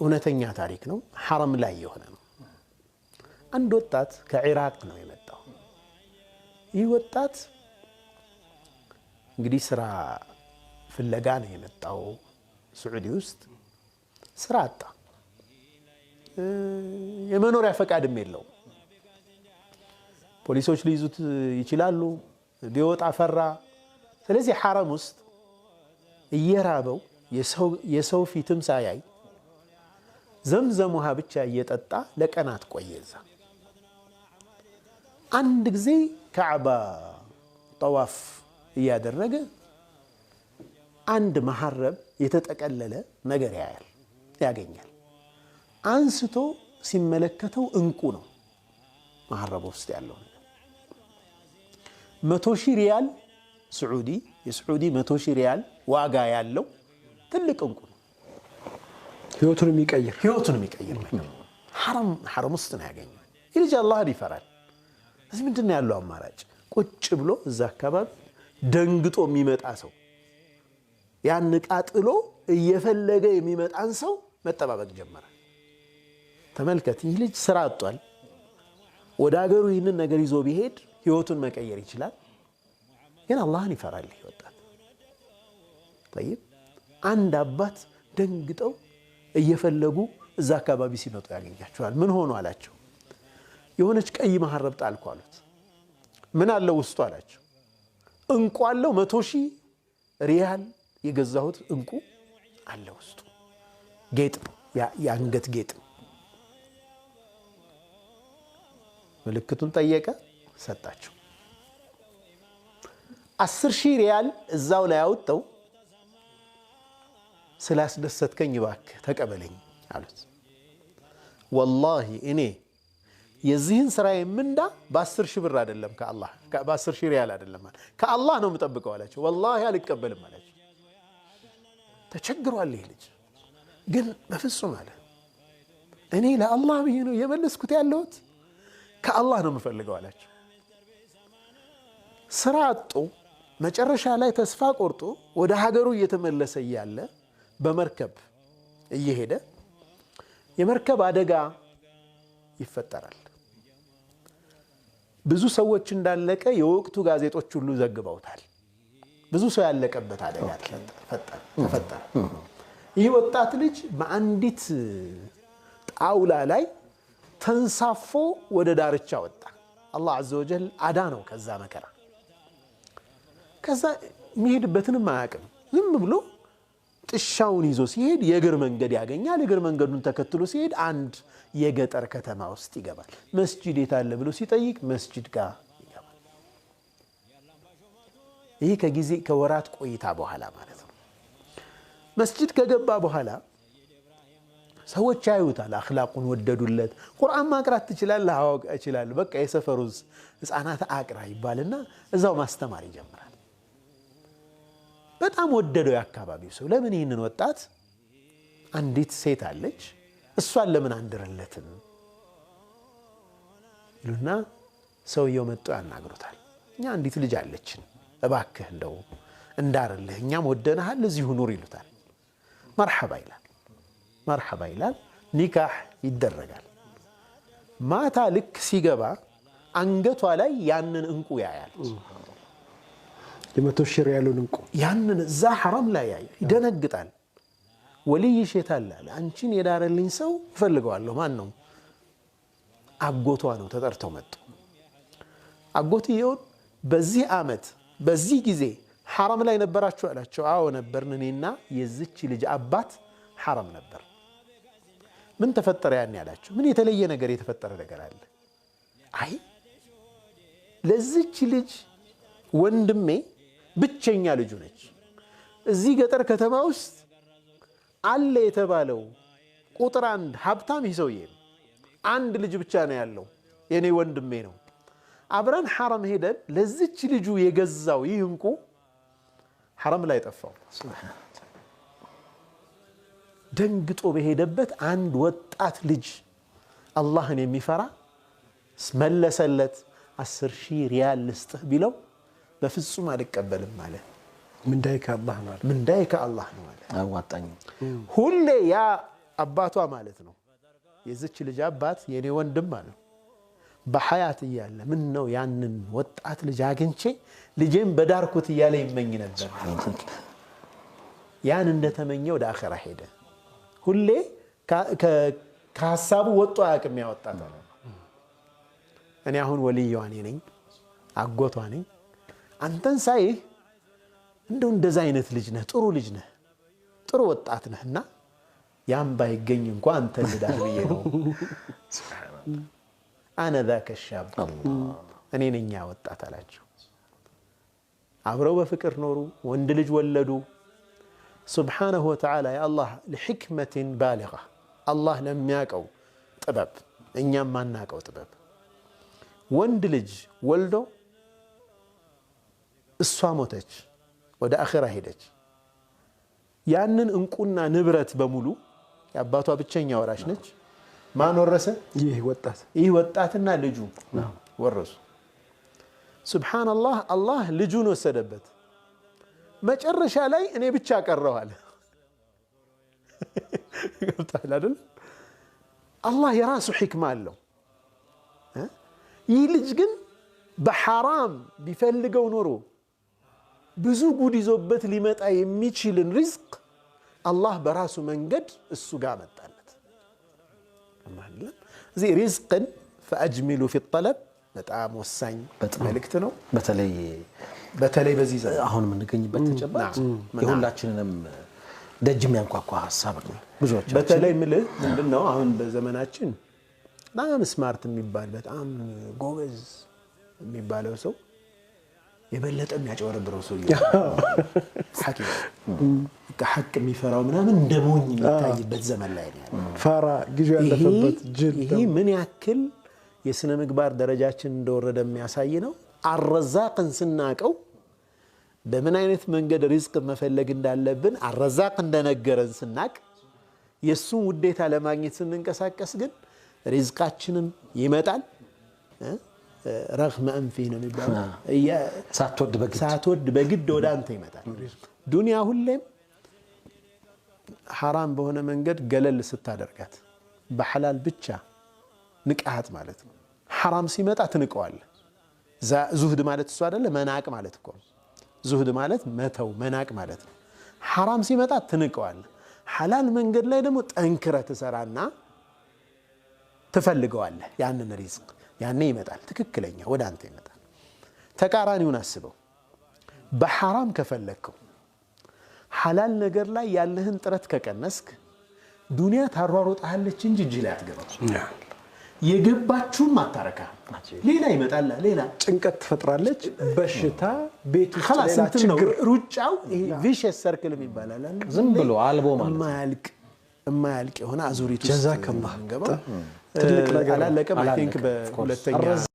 እውነተኛ ታሪክ ነው። ሐረም ላይ የሆነ ነው። አንድ ወጣት ከኢራቅ ነው የመጣው። ይህ ወጣት እንግዲህ ስራ ፍለጋ ነው የመጣው። ስዑዲ ውስጥ ስራ አጣ። የመኖሪያ ፈቃድም የለውም። ፖሊሶች ሊይዙት ይችላሉ። ቢወጣ ፈራ። ስለዚህ ሐረም ውስጥ እየራበው የሰው ፊትም ሳያይ ዘምዘም ውሃ ብቻ እየጠጣ ለቀናት ቆየ። እዛ አንድ ጊዜ ካዕባ ጠዋፍ እያደረገ አንድ መሐረብ የተጠቀለለ ነገር ያያል ያገኛል። አንስቶ ሲመለከተው እንቁ ነው መሐረብ ውስጥ ያለው ነገር። መቶ ሺ ሪያል ስዑዲ የስዑዲ መቶ ሺ ሪያል ዋጋ ያለው ትልቅ እንቁ ነው። ህይወቱን የሚቀይር ህይወቱን የሚቀይር ነገር ሐረም ሐረም ውስጥ ነው ያገኘው። ይህ ልጅ አላህን ይፈራል። እዚህ ምንድን ነው ያለው አማራጭ? ቁጭ ብሎ እዛ አካባቢ ደንግጦ የሚመጣ ሰው ያን ዕቃ ጥሎ እየፈለገ የሚመጣን ሰው መጠባበቅ ጀመረ። ተመልከት፣ ይህ ልጅ ስራ አጧል። ወደ ሀገሩ ይህንን ነገር ይዞ ቢሄድ ህይወቱን መቀየር ይችላል። ግን አላህን ይፈራል ይህ ወጣት። ጠይብ አንድ አባት ደንግጠው እየፈለጉ እዛ አካባቢ ሲመጡ ያገኛቸዋል። ምን ሆኑ አላቸው። የሆነች ቀይ መሀረብ ጣልኩ አሉት። ምን አለው ውስጡ አላቸው። እንቁ አለው። መቶ ሺህ ሪያል የገዛሁት እንቁ አለ ውስጡ። ጌጥ የአንገት ጌጥ ምልክቱን ጠየቀ፣ ሰጣቸው። አስር ሺህ ሪያል እዛው ላይ አውጥተው ስላስደሰትከኝ ባክ ተቀበለኝ አሉት። ወላሂ እኔ የዚህን ስራ የምንዳ በአስር ሺህ ብር አይደለም ከአላህ በአስር ሺህ ሪያል አይደለም ከአላህ ነው የምጠብቀው አላቸው። ወላሂ አልቀበልም አላቸው። ተቸግሯል ይህ ልጅ ግን በፍጹም አለ እኔ ለአላህ ብዬ ነው እየመለስኩት ያለሁት ከአላህ ነው የምፈልገው አላቸው። ስራ አጡ መጨረሻ ላይ ተስፋ ቆርጦ ወደ ሀገሩ እየተመለሰ እያለ በመርከብ እየሄደ የመርከብ አደጋ ይፈጠራል። ብዙ ሰዎች እንዳለቀ የወቅቱ ጋዜጦች ሁሉ ዘግበውታል። ብዙ ሰው ያለቀበት አደጋ ተፈጠረ። ይህ ወጣት ልጅ በአንዲት ጣውላ ላይ ተንሳፎ ወደ ዳርቻ ወጣ። አላህ አዘወጀል አዳ ነው ከዛ መከራ። ከዛ የሚሄድበትንም አያውቅም ዝም ብሎ ጥሻውን ይዞ ሲሄድ የእግር መንገድ ያገኛል። የእግር መንገዱን ተከትሎ ሲሄድ አንድ የገጠር ከተማ ውስጥ ይገባል። መስጂድ የታለ ብሎ ሲጠይቅ መስጂድ ጋር ይገባል። ይህ ከጊዜ ከወራት ቆይታ በኋላ ማለት ነው። መስጂድ ከገባ በኋላ ሰዎች ያዩታል። አክላቁን ወደዱለት። ቁርአን ማቅራት ትችላለህ? አዎ እችላለሁ። በቃ የሰፈሩ ህፃናት አቅራ ይባልና እዛው ማስተማር ይጀምራል። በጣም ወደደው የአካባቢው ሰው። ለምን ይህንን ወጣት አንዲት ሴት አለች፣ እሷን ለምን አንድርለትም ይሉና ሰውየው መጡ ያናግሩታል። እኛ አንዲት ልጅ አለችን፣ እባክህ እንደው እንዳርልህ፣ እኛም ወደናሃል እዚሁ ኑር ይሉታል። መርሐባ ይላል፣ መርሐባ ይላል። ኒካህ ይደረጋል። ማታ ልክ ሲገባ አንገቷ ላይ ያንን እንቁ ያያል። የመቶ ሺህ ሪያሉን እንቁ ያንን እዛ ሐራም ላይ ያየ ይደነግጣል። ወልይ ሼታል አለ አንቺን የዳረልኝ ሰው እፈልገዋለሁ። ማን ነው? አጎቷ ነው። ተጠርተው መጡ። አጎትየውን በዚህ ዓመት በዚህ ጊዜ ሐራም ላይ ነበራችሁ አላቸው። አዎ ነበርን፣ እኔና የዝች ልጅ አባት ሐራም ነበር። ምን ተፈጠረ ያን ያላቸው? ምን የተለየ ነገር የተፈጠረ ነገር አለ? አይ ለዝች ልጅ ወንድሜ ብቸኛ ልጁ ነች። እዚህ ገጠር ከተማ ውስጥ አለ የተባለው ቁጥር አንድ ሀብታም ይህ ሰውዬ ነው። አንድ ልጅ ብቻ ነው ያለው፣ የኔ ወንድሜ ነው። አብረን ሐረም ሄደን ለዚች ልጁ የገዛው ይህ እንቁ ሐረም ላይ ጠፋው። ደንግጦ በሄደበት አንድ ወጣት ልጅ አላህን የሚፈራ መለሰለት። አስር ሺህ ሪያል ልስጥህ ቢለው በፍጹም አልቀበልም አለ። ምንዳይ ከአላህ ነው አለ። ምንዳይ ሁሌ ያ አባቷ ማለት ነው የዚች ልጅ አባት የኔ ወንድም አለው በሐያት እያለ ምን ነው ያንን ወጣት ልጅ አግኝቼ ልጄም በዳርኩት እያለ ይመኝ ነበር። ያን እንደተመኘ ወደ ሄደ። ሁሌ ከሀሳቡ ወጡ አያውቅም። ያወጣት እኔ አሁን ወልየዋ ነኝ፣ አጎቷ ነኝ አንተን ሳይህ እንደው እንደዛ አይነት ልጅ ነህ፣ ጥሩ ልጅ ነህ፣ ጥሩ ወጣት ነህ እና ያም ባይገኝ እንኳ አንተ ልዳር ብዬ ነው። አነ ዛከ ሻብ እኔ ነኝ ወጣት አላቸው። አብረው በፍቅር ኖሩ፣ ወንድ ልጅ ወለዱ። ሱብሓነሁ ወተዓላ የአላህ ለሕክመትን ባሊጋ አላህ ለሚያውቀው ጥበብ፣ እኛም ማናውቀው ጥበብ ወንድ ልጅ ወልዶ الصامتج وده آخر هيدج يعني إن كنا نبرت بملو يا باتوا بتشين يا وراش نج ما نورسه إيه وطات إيه وطات النالجو نعم ورز سبحان الله الله لجون وسدبت ما تقرش علي إني بتشاك الرهال قلت لهم الله يراسو حكمة له يلجن بحرام بفلقوا نورو ብዙ ጉድ ይዞበት ሊመጣ የሚችልን ሪዝቅ አላህ በራሱ መንገድ እሱ ጋር መጣለት። እዚ ሪዝቅን ፈአጅሚሉ ፊ ጠለብ በጣም ወሳኝ መልእክት ነው። በተለይ በተለይ በዚህ ዘ አሁን የምንገኝበት ተጨባጭ የሁላችንንም ደጅ የሚያንኳኳ ሀሳብ ነው። ብዙዎች በተለይ ምልህ ምንድን ነው አሁን በዘመናችን በጣም ስማርት የሚባል በጣም ጎበዝ የሚባለው ሰው የበለጠ የሚያጨበረብረው ሰው ሀቅ የሚፈራው ምናምን እንደ ሞኝ የሚታይበት ዘመን ላይ ፋራ ጊዜ ያለፈበት ጅል። ይህ ምን ያክል የስነ ምግባር ደረጃችን እንደወረደ የሚያሳይ ነው። አረዛቅን ስናቀው በምን አይነት መንገድ ሪዝቅ መፈለግ እንዳለብን አረዛቅ እንደነገረን ስናቅ የእሱን ውዴታ ለማግኘት ስንንቀሳቀስ ግን ሪዝቃችንም ይመጣል። ረግመ እንፊ ነው የሚባለው። ሳትወድ በግድ ወደ አንተ ይመጣል። ዱንያ ሁሌም ሐራም በሆነ መንገድ ገለል ስታደርጋት በሐላል ብቻ ንቃሃት ማለት ነው። ሐራም ሲመጣ ትንቀዋለህ። ዙህድ ማለት እሱ አይደለ? መናቅ ማለት እኮ ዙህድ ማለት መተው መናቅ ማለት ነው። ሐራም ሲመጣ ትንቀዋለህ። ሐላል መንገድ ላይ ደግሞ ጠንክረህ ትሰራና ትፈልገዋለህ ያንን ሪዝቅ ያኔ ይመጣል፣ ትክክለኛ ወደ አንተ ይመጣል። ተቃራኒውን አስበው። በሐራም ከፈለግከው ሐላል ነገር ላይ ያለህን ጥረት ከቀነስክ ዱንያ ታሯሮጣለች እንጂ እጅ ላይ አትገባም። የገባችሁም አታረካ፣ ሌላ ይመጣላ፣ ሌላ ጭንቀት ትፈጥራለች፣ በሽታ ቤት ውስጥ ችግር፣ ሩጫው ቪሸስ ሰርክል ይባላል። ዝም ብሎ አልቦ ማለት የማያልቅ የሆነ አዙሪት ውስጥ ገባ። ትልቅ ነገር አላለቀም።